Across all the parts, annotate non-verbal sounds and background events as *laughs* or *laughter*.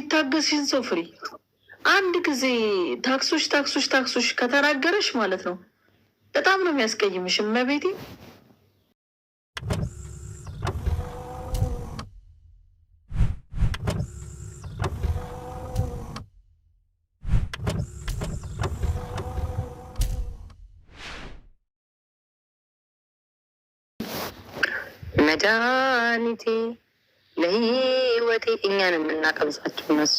የሚታገስሽን ሰው ፍሪ። አንድ ጊዜ ታክሶሽ ታክሶሽ ታክሶሽ ከተናገረሽ ማለት ነው በጣም ነው የሚያስቀይምሽ። እመቤቴ መድኃኒቴ ለህይወቴ ነው የምናቀምሳቸው እነሱ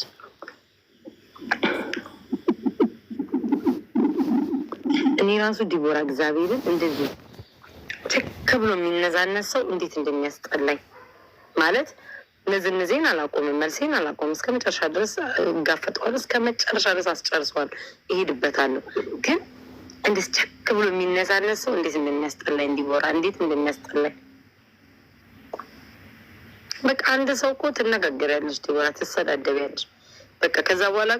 እኔ ራሱ ዲቦራ እግዚአብሔርን እንደዚህ ትክ ብሎ የሚነዛነት ሰው እንዴት እንደሚያስጠላኝ ማለት ነዝነዜን አላቆምም፣ መልሴን አላቆምም። እስከ መጨረሻ ድረስ እጋፈጠዋል፣ እስከ መጨረሻ ድረስ አስጨርሰዋለሁ፣ እሄድበታለሁ። ግን እንዴት ቸክ ብሎ የሚነዛነት ሰው እንዴት እንደሚያስጠላኝ ዲቦራ እንዴት እንደሚያስጠላኝ በቃ አንድ ሰው እኮ ትነጋገሪያለሽ፣ ዲቦራ ትሰዳደቢያለሽ። በቃ ከዛ በኋላ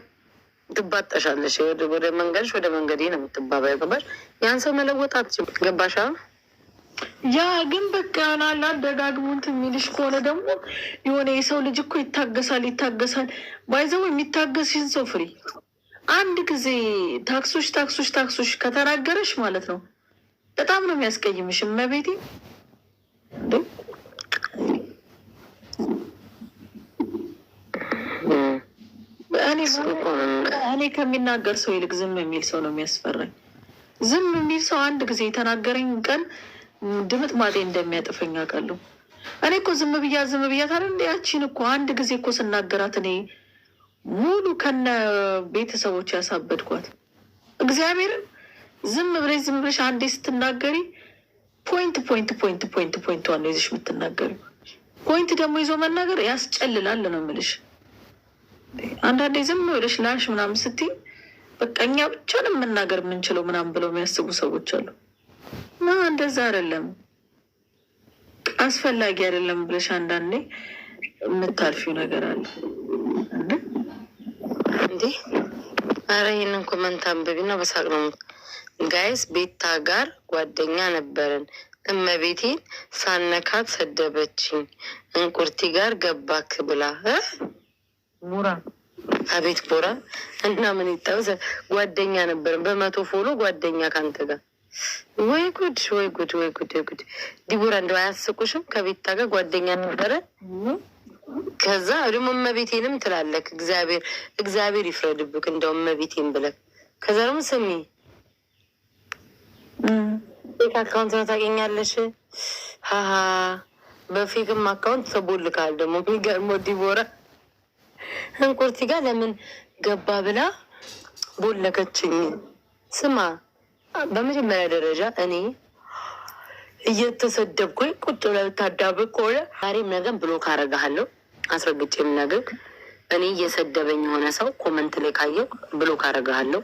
ትባጠሻለሽ። ወደ መንገድሽ ወደ መንገዴ ነው የምትባባይ። ገባሽ? ያን ሰው መለወጣት ገባሻ? ያ ግን በቃ ይሆናል። አደጋግሞ እንትን የሚልሽ ከሆነ ደግሞ የሆነ የሰው ልጅ እኮ ይታገሳል ይታገሳል። ባይዘው የሚታገስሽን ሰው ፍሪ። አንድ ጊዜ ታክሶች ታክሶች ታክሶች ከተናገረሽ ማለት ነው በጣም ነው የሚያስቀይምሽ። መቤቴ እኔ ከሚናገር ሰው ይልቅ ዝም የሚል ሰው ነው የሚያስፈራኝ። ዝም የሚል ሰው አንድ ጊዜ የተናገረኝ ቀን ድምጥ ማጤ እንደሚያጥፈኝ አውቃለሁ። እኔ እኮ ዝም ብያ ዝም ብያ ታለ ያቺን እኮ አንድ ጊዜ እኮ ስናገራት እኔ ሙሉ ከነ ቤተሰቦች ያሳበድኳት እግዚአብሔርን ዝም ብለሽ ዝም ብለሽ አንዴ ስትናገሪ ፖይንት ፖይንት ፖይንት ፖይንት ፖይንት ዋን ይዘሽ የምትናገሪ ፖይንት ደግሞ ይዞ መናገር ያስጨልላል ነው የምልሽ። አንዳንዴ ዝም ብለሽ ላሽ ምናምን ስትይ በቃ እኛ ብቻ ነው መናገር የምንችለው ምናምን ብለው የሚያስቡ ሰዎች አሉ። እና እንደዛ አይደለም አስፈላጊ አይደለም ብለሽ አንዳንዴ የምታልፊው ነገር አለ። እንዴ አረ ይህንን ኮመንት አንብቢና በሳቅ ነው ጋይስ። ቤታ ጋር ጓደኛ ነበረን። እመቤቴን ሳነካት ሰደበችኝ። እንቁርቲ ጋር ገባክ ብላ ሙራ አቤት ቦራ እና ምን ይታወሰ ጓደኛ ነበር። በመቶ ፎሎ ጓደኛ ከአንተ ጋር ወይ ጉድ፣ ወይ ጉድ፣ ወይ ጉድ፣ ወይ ጉድ። ዲቦራ እንደው አያስቁሽም? ከቤት ታገ ጓደኛ ነበረ። ከዛ ደግሞ እመቤቴንም ትላለክ። እግዚአብሔር እግዚአብሔር ይፍረድብክ እንደው እመቤቴን ብለክ። ከዛ ደግሞ ስሚ ፌክ አካውንት ነው ታገኛለሽ። ሀሀ በፌክም አካውንት ተቦልካል ደግሞ የሚገርመው ዲቦራ እንቁርቲ ጋር ለምን ገባ ብላ ቦለከችኝ። ስማ፣ በመጀመሪያ ደረጃ እኔ እየተሰደብኩኝ ቁጭ ብለህ ብታዳብቅ ከሆነ ዛሬም ነገም ብሎክ አደርግሃለሁ። አስረግጬ የምነግርህ እኔ እየሰደበኝ የሆነ ሰው ኮመንት ላይ ካየሁ ብሎ አደርግሃለሁ።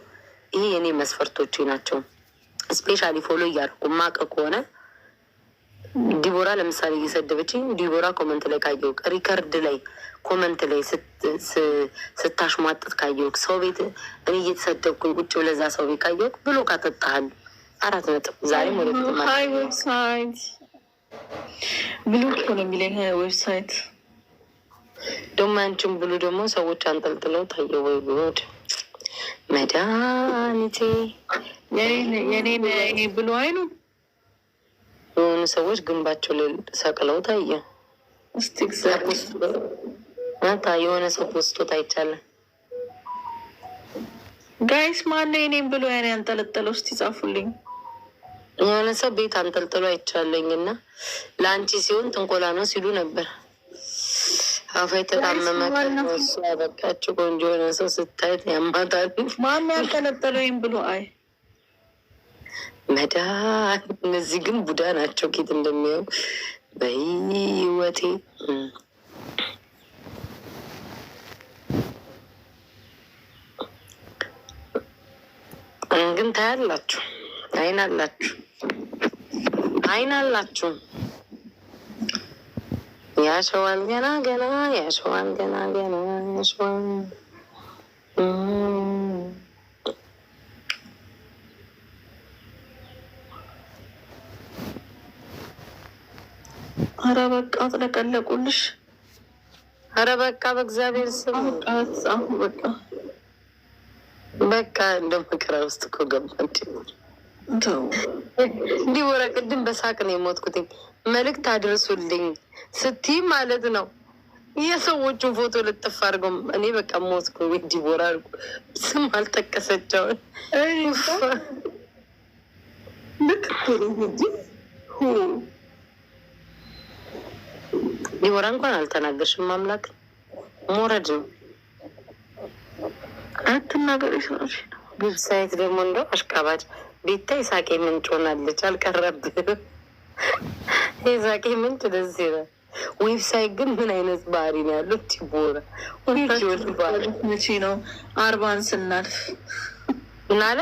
ይሄ የእኔ መስፈርቶቼ ናቸው። ስፔሻሊ ፎሎ እያደረኩ ማቀ ከሆነ ዲቦራ ለምሳሌ እየሰደበችኝ ዲቦራ ኮመንት ላይ ካየው ሪከርድ ላይ ኮመንት ላይ ስታሽሟጥጥ ካየው ሰው ቤት እኔ እየተሰደብኩኝ ቁጭ ብለዛ ሰው ቤት ካየው ብሎ ካጠጣሃል አራት ነጥብ። ዛሬ ዌብሳይት ብሎ ነው የሚለኝ ዌብሳይት ደግሞ አንቺን ብሉ ደግሞ ሰዎች አንጠልጥለው ታየው ወይ ብሎድ መድኃኒቴ የኔ ብሎ አይኑ የሆኑ ሰዎች ግንባቸው ላይ ሰቅለው ታየ። የሆነ ሰው ፖስቶት አይቻለን። ጋይስ ማነው የኔም ብሎ ያን ያንጠለጠለው? እስቲ ጻፉልኝ። የሆነ ሰው ቤት አንጠልጥሎ አይቻለኝ እና ለአንቺ ሲሆን ጥንቆላ ነው ሲሉ ነበር። አፋ የተጣመመ እሱ ያበቃችው ቆንጆ የሆነ ሰው ስታየት ያማታል። ማነው ያንጠለጠለው? ይህም ብሎ አይ መዳን። እነዚህ ግን ቡዳ ናቸው። ኬት እንደሚያዩ በህይወቴ ግን ታያላችሁ። አይን አላችሁ፣ አይን አላችሁ። ያሸዋል ገና ገና ያሸዋል ገና ገና ያሸዋል አረ በቃ አጥለቀለቁልሽ። አረ በቃ በእግዚአብሔር ስም በቃ በቃ እንደ መከራ ውስጥ እኮ ገባ። እንዲህ ወረ ቅድም በሳቅ ነው የሞትኩትኝ። መልእክት አድርሱልኝ ስቲ ማለት ነው የሰዎቹን ፎቶ ልጥፍ አድርገው እኔ በቃ ሞትኩ። ወይ ዲቦራ ስም አልጠቀሰቸውን ልክ ዲቦራ እንኳን አልተናገርሽም። ማምላክ ሞረድ ነው አትናገር ሰዎች ዌብሳይት ደግሞ እንደ አሽቃባጭ ቤታ የሳቄ ምንጭ ሆናለች። አልቀረብህም የሳቄ ምንጭ ደስ ይላል። ዌብሳይት ግን ምን አይነት ባህሪ ነው ያለው? ዲቦራ መቼ ነው አርባን ስናልፍ ምን አለ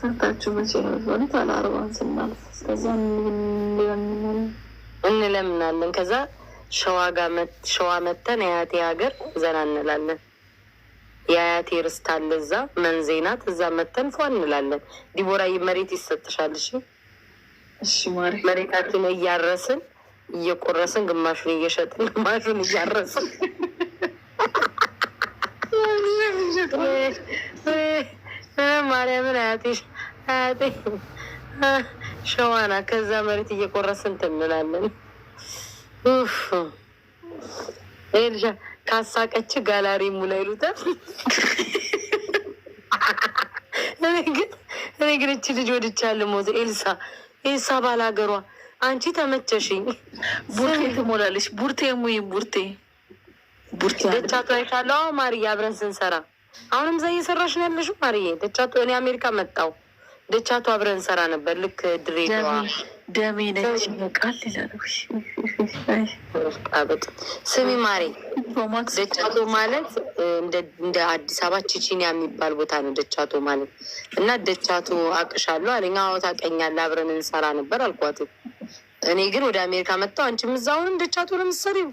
ሰርታችሁ መቼ ነው ሆነት አለ አርባን ስናልፍ እስከዛ ምን እንለምናለን። ከዛ ሸዋ መተን የአያቴ ሀገር ዘና እንላለን። የአያቴ ርስት አለ እዛ መንዜ ናት። እዛ መተን ፏ እንላለን። ዲቦራዬ መሬት ይሰጥሻል። እሺ መሬታችን እያረስን እየቆረስን ግማሹን እየሸጥን ግማሹን እያረስን *laughs* ማርያምን አያቴ አያቴ ሸዋና ከዛ መሬት እየቆረስን እንላለን። ልሻ ካሳቀች ጋላሪ ሙላ ይሉታል። እኔ ግን እቺ ልጅ ወድቻለሁ። ሞት ኤልሳ ኤልሳ ባላገሯ አንቺ ተመቸሽኝ። ቡርቴ ትሞላለች። ቡርቴ ሙይ ቡርቴ ቡርቴ ደቻቶ አይታለሁ። ማርዬ አብረን ስንሰራ አሁንም ዘ እየሰራሽ ነው ያለሽው ማርዬ። ደቻቶ እኔ አሜሪካ መጣው ደቻቱ አብረን እንሰራ ነበር። ልክ ድሬዳዋ ደሜ ነች ይበቃል ይላል። ስሚ ማሬ ደቻቶ ማለት እንደ አዲስ አበባ ቺቺኒያ የሚባል ቦታ ነው ደቻቶ ማለት እና ደቻቶ አቅሻሉ አለኛ። አዎ ታውቀኛለህ፣ አብረን እንሰራ ነበር አልኳት። እኔ ግን ወደ አሜሪካ መጥተው አንቺም እዛ አሁንም ደቻቶ ነው የምትሰሪው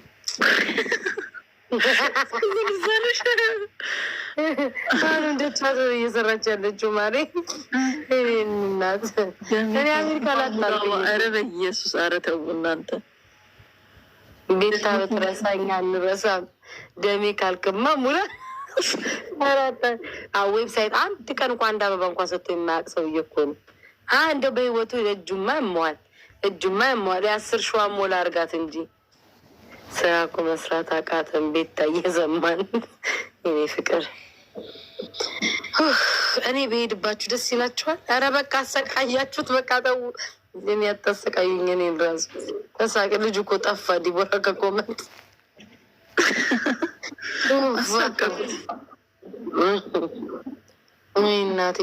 እየሰራች ያለችው ማለት እናት እኔ አሜሪካ ኧረ በኢየሱስ ኧረ ተው እናንተ ቤታ ብትረሳኝ አንረሳም ደሜ ካልክማ ሙላ ዌብሳይት አንድ ቀን እንኳ አንድ አበባ እንኳ ሰጥቶ የማያውቅ ሰውዬ እኮ ነው። እንደው በህይወቱ እጁማ የመዋል እጁማ የመዋል የአስር ሸዋ ሞላ አርጋት እንጂ ስራ እኮ መስራት አቃተን። ቤት ዘማን እኔ ፍቅር እኔ በሄድባችሁ ደስ ይላችኋል። ኧረ በቃ አሰቃያችሁት። በቃ ተው፣ እኔ አታሰቃዩኝ። ራሱ ተሳቅ ልጁ እኮ ጠፋ። ዲቦራ ከኮመንት እናቴ